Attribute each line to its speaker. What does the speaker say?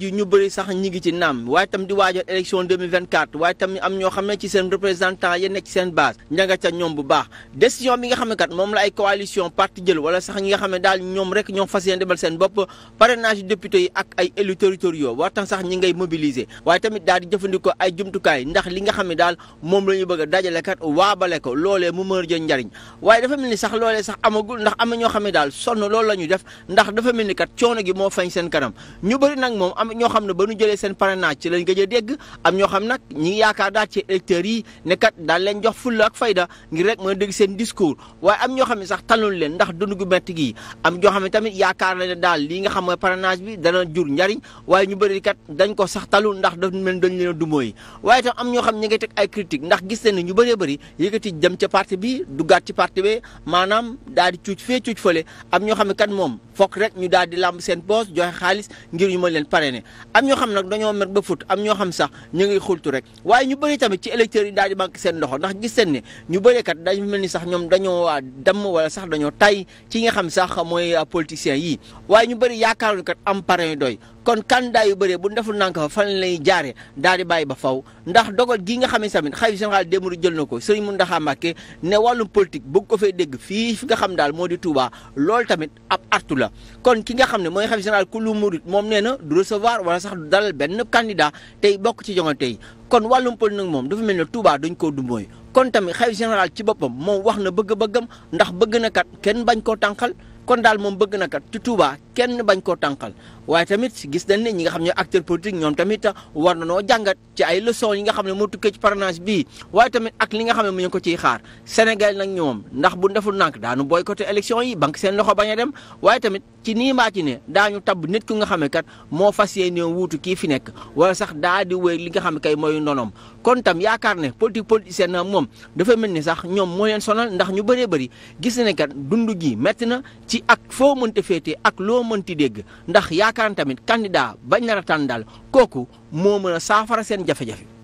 Speaker 1: ji ñu bëri sax ñi ngi ci naam waaye tam di waajal élection 2024 waaye tam am ñoo xam ne ci seen représentant ñi nga xam ne daal ñoom rek ñoom fas yéen demal seen bopp parrainage député yi jumtukaay ndax li nga xam ne daal moom la bëgg a dajale kat waabale ko loolee mu mën a jël njariñ waaye dafa mel ni sax loolee sax amagul ndax am na ñoo xam ne daal sonn lool la ñu def ndax dafa mel ni kat coono gi moo fañ seen kanam ñu bëri nag moom am ñoo xam ne ba nu jëlee seen parrainage ci lañ gëj a dégg am ñoo xam nag ñi ngi yaakaar daal ci électeurs yi ne kat daal leen jox fulla ak fayda ngir rek mën dégg seen discours waaye am ñoo xam ne sax talul leen ndax dund gu métti gi am ñoo xam ne tamit yaakaar na ne daal lii nga xam mooy parrainage bi dana jur njariñ waaye ñu bëri kat dañ ko sax talul ndax daf mel dañ leen a dumóoyi waaye tam am ñoo xam ne ñi teg ay critique ndax gis nañ ne ñu bëree bëri yëkkati jëm ca parti bi duggaat ci parti bi maanaam daal di cuuc fee cuuc fale am ñoo xam ne kat moom fokk rek ñu daal di lamb seen poos joxe xaalis ngir ñu ma leen parrainer am ñoo xam nag dañoo mer ba fut am ñoo xam sax ñu ngi xultu rek waaye ñu bëri tamit ci électeurs yi daal di banque seen loxo ndax gis seen ne ñu bëri kat dañu mel ni sax ñoom dañoo waa damm wala sax dañoo tay ci nga xam sax mooy politiciens yii waaye ñu bëri yaakaaruñu kat am parrain doy kon candidat yu bëree bu deful nank fa lay jaare daal di bàyyi ba faw ndax dogal gi nga xam ne tamit xalifa général Demba jël na ko Serigne Mountakha Mbacké ne wàllum politique bëgg ko fee dégg fii fi nga xam daal moo di Touba lool tamit ab artu la kon ki nga xam ne mooy xalifa général kullu murid moom nee na du recevoir wala sax du dalal benn candidat tey bokk ci joŋante tey kon wàllum pël nag moom dafa mel ne Touba dañ koo dumbooy kon tamit xalifa général ci boppam moom wax na bëgg-bëggam ndax bëgg na kat kenn bañ koo tànqal kon daal moom bëgg na kat ci Touba kenn bañ koo tànqal waaye tamit gis nañ ne ñi nga xam ne acteur politique ñoom tamit war na noo jàngat ci ay leçons yi nga xam ne moo tukkee ci parrainage bi waaye tamit ak li nga xam ne mu ñu ko ci xaar Sénégal nag ñoom ndax bu deful nànk daanu boycotté élection yi banque seen loxo bañ a dem waaye tamit ci nii mbaa ci ne daañu tabb nit ku nga xam ne kat moo fas yéene wuutu kii fi nekk wala sax daa di wéy li nga xam ne kay mooy ndonoom kon tam yaakaar ne politique politicienne na moom dafa mel ni sax ñoom moo leen sonal ndax ñu bëree bëri gis ne kat dund gi metti na ci ak foo mënta féete ak loo mënti dégg ndax yaakaar tamit candidat bañ nar a daal kooku moo mën a saafara seen jafe-jafe.